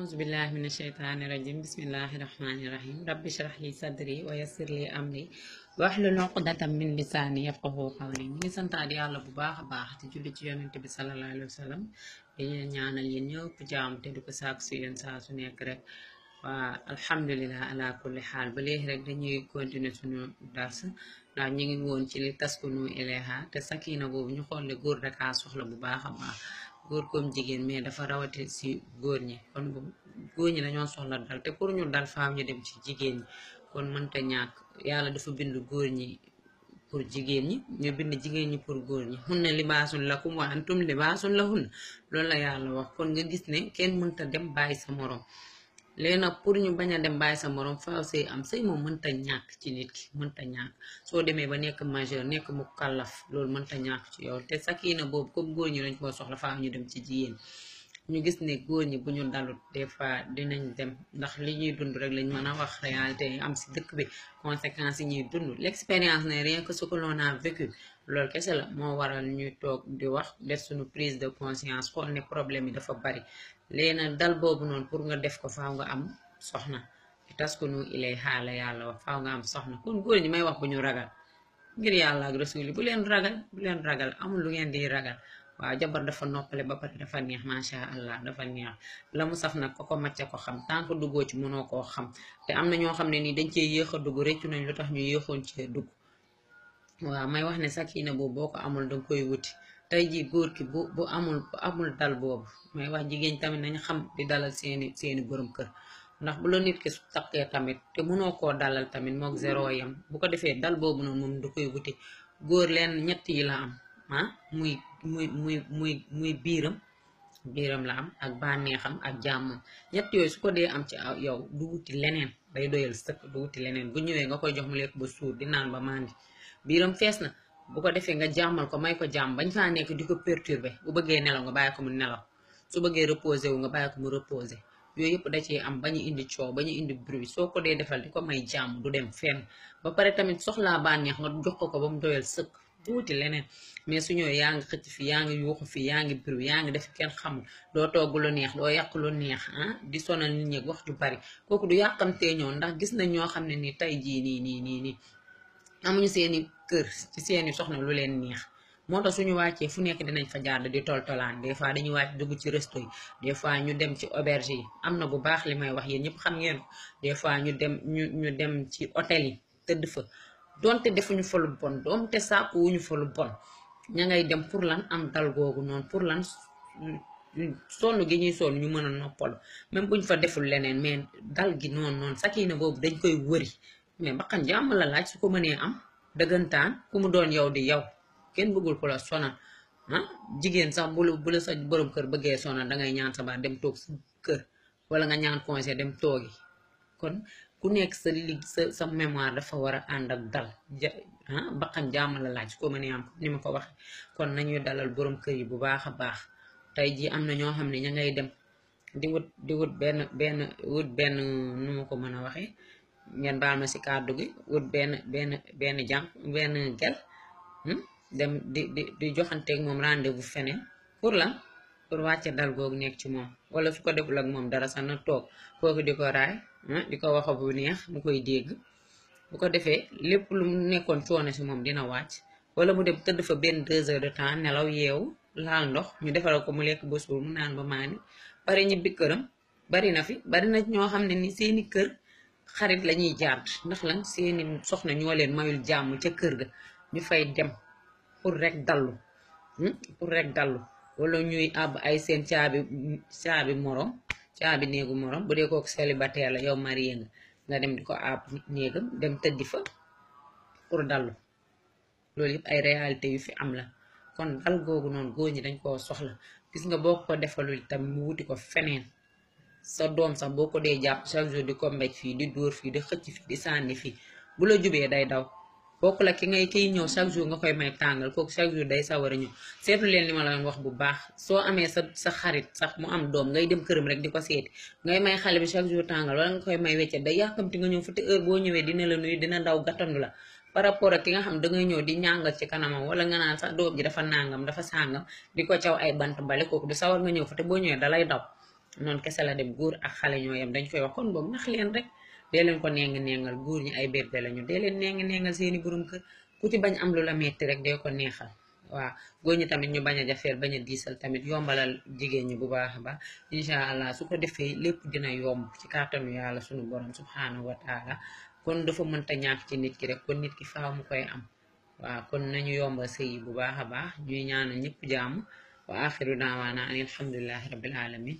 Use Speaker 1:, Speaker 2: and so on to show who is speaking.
Speaker 1: auzu billahi mina sheytaani rajim bismillahi rahmaani rahim rabbi shrah li sadri wa yassir li amri wahlul uqdatam min lisaani yafqahu qawli ñu ngi santaat yàlla bu baax a baax te julli ci yonent bi sallallahu alayhi wa sallam di leen ñaanal yéen ñëpp jaam te di ko saaku si yéen saa su nekk rek waa alhamdulilah ala kulli xaal ba léegi rek dañuy continuer suñu dars ndax ñu ngi woon ci li taskunu ilayha te sakina boobu ñu xool ne góor rek a soxla bu baax a baax góor comme jigéen mais dafa rawati si góor ñi kon góor ñi dañoo soxla dal te pour ñu dal faaw ñu dem ci jigéen ñi kon mënta ñàkk yàlla dafa bind góor ñi pour jigéen ñi ñu bind jigéen ñi pour góor ñi hunna libaasun lakum wa antum libaasun lahunna loolu la yàlla wax kon nga gis ne kenn mënta dem bàyyi sa moroom léegi nag pour ñu bañ a dem bàyyi sa morom faaw sëy am sëy moom mënta ñàkk ci nit ki mënta ñàkk soo demee ba nekk majeur nekk mu kàllaf loolu mënta ñàkk ci yow te sakina boobu comme góor ñi dañ koo soxla faaw ñu dem ci jigéen ñu gis ne góor ñi bu ñu dalut des fois dinañ dem ndax li ñuy dund rek lañ mën a wax réalité am si dëkk bi conséquences yi ñuy dund l'expérience ne rien que ce que l'on a Lol kessel mo waral ñu tok di wax def suñu prise de conscience xool ne problème yi dafa bari leena dal bobu non pour nga def ko faaw nga am soxna tas ko nu ilay xaala yalla wax faaw nga am soxna Kun goor ñi may wax bu ñu ragal ngir yalla ak rasul bu len ragal bu len ragal am lu ngeen di ragal wa jabar dafa noppale ba pare dafa neex sha allah dafa neex lamu saf nak ko ko macca ko xam tank duggo ci mëno ko xam te am ño ñoo ni dañ ci yeexa duggu reccu nañ lutax ñu yeexon ci duggu waaw may wax ne sakina boobu boo ko amul danga koy wuti tey ji góor ki bu bu amul bu amul dal boobu may wax jigéen tamit nañ xam di dalal seeni seeni borom kër ndax bu la nit ki taqee tamit te mënoo koo dalal tamit mook zéro mm-hmm. yam bu ko defee dal boobu noonu moom du koy wuti góor leen ñetti la am ah, muy muy muy muy muy biiram biiram la am ak bànneexam ak jàmmam ñetti yooyu su ko dee am ci yow du wuti leneen day doyal sëkk du wuti leneen bu ñëwee nga koy jox mu lekk ba suur d naan ba màndi biiram fees na bu ko defee nga jàmmal ko may ko jàmm bañ faa nekk di ko perturber bu bëggee nelaw nga bàyyi ko mu nelaw su bëggee reposé wu nga bàyyi ko mu reposer yooyu yëpp da cee am ba ñu indi coow ba ñu indi bruit soo ko dee defal di ko may jàmm du dem fenn ba pare tamit soxlaa bànneex nga jox ko ko ba mu doyal sëkk tuuti leneen mais su ñëwee yaa ngi xëcc fi yaa ngi yuuxu fi yaa ngi bruit yaa ngi def kenn xamul doo togg lu neex doo yàq neex ah di sonal nit wax ju bari kooku du yàqamtee ñëw ndax gis nañ ñoo xam ne ni tey jii nii nii nii nii am amuñu seeni kër ci seeni soxna lu leen neex moo tax suñu wàccee fu nekk dinañ fa jaar di toltolaan des fois dañuy wàcc dugg ci resto yi des fois ñu dem ci auberge yi am na bu baax li may wax yéen ñëpp xam ngeen des fois ñu dem ñu ñu dem ci hôtel yi tëdd fa donte defuñu fa bon doom te wuñu fa lu bon ña ngay dem pour lan am dal googu noonu pour lan sonn gi ñuy sonn ñu mën a noppalu même buñ fa deful leneen mais dal gi noonu noonu sakina boobu dañ koy wëri ne bakkan jàmm la laaj ko am dëggantaan kumu yow di yow ken bugul ko la sona ha jigen sax bu lu la sa borom keur bëggee sona da ngay ñaan ba dem tok sa keur wala nga ñaan conseil dem togi kon ku nek sa lig sa mémoire dafa wara and ak dal ha bakkan jàmm la laaj ko am nima ko wax kon nañu dalal borom keur yi bu baakha baax tay ji am na ñoo ña ngay dem di wut di wut ben ben wut ben ko ngeen baal ma si kàddu gi wut benn benn benn jànq benn gel hmm, dem di di di joxanteeg moom rendez bu feneen pour la pour wàcce dal googu nekk ci moom wala su ko deful ak moom dara sax na toog kooku di ko raay hmm, di ko wax bu neex mu koy dégg bu ko defee lépp lu mu nekkoon coono si moom dina wàcc wala mu dem tëdd fa benn deux heures de temps nelaw yeewu laal ndox ñu defal ko mu lekk ba suur mu naan ba maani bari ñibbi këram bari na fi bari na ñoo xam ne ni kër xarit la ñuy jaant ndax lan seeni soxna ñoo leen mayul jàmm ca kër ga ñu fay dem pour rek dallu hmm? pour rek dallu wala ñuy àbb ay seen caabi caabi morom caabi néegu morom bu dee kooku célibataire la yow marié nga dem di ko àbb néegam dem tëddi fa pour dallu loolu yëpp ay réalité yu fi am la kon dal googu noonu góor ñi dañ koo soxla gis nga boo ko defalul tam mu wuti ko feneen sa doom sax boo ko dee jàpp chaque jour di ko mbéj fii di dóor fii di xëcc fii di sànni fii bu la jubee day daw kooku la ki ngay kiy ñëw chaque jour nga koy may tàngal kooku chaque jour day sawar a ñëw li ma la doon wax bu baax soo amee sa sa xarit sax mu am doom ngay dem këram rek di ko seeti ngay may xale bi chaque jour tàngal nga koy may weccet day yàkkamti nga ñëw futti heure boo ñëwee dina la nuyu dina daw gàttandu la par rapport ak ki nga xam da ngay ñëw di ñàngal ci kanamam wala nga naan sax doom ji dafa nàngam dafa sàngam di ko caw ay bant bale kooku du sawar nga ñëw fa te boo ñëwee dalay daw noonu kese la dem góor ak xale ñoo yem dañ koy wax kon boobu nax leen rek dee leen ko neng nengal góor ñi ay bébé la ñu dee leen neng nengal seeni borom kër ku ci bañ am lu la metti rek dee ko neexal waaw góor ñi tamit ñu bañ a jafeel bañ a diisal tamit yombalal jigéen ñi bu baax a baax incha allah su ko defee lépp dina yomb ci kàttanu yàlla suñu borom subhanahu wa taala kon dafa mënta ñaax ci nit ki rek kon nit ki faaw mu koy am waaw kon nañu yomb sëy yi bu baax a baax ñuy ñaan ñëpp jàmm wa axiru daawaana an alhamdulilahi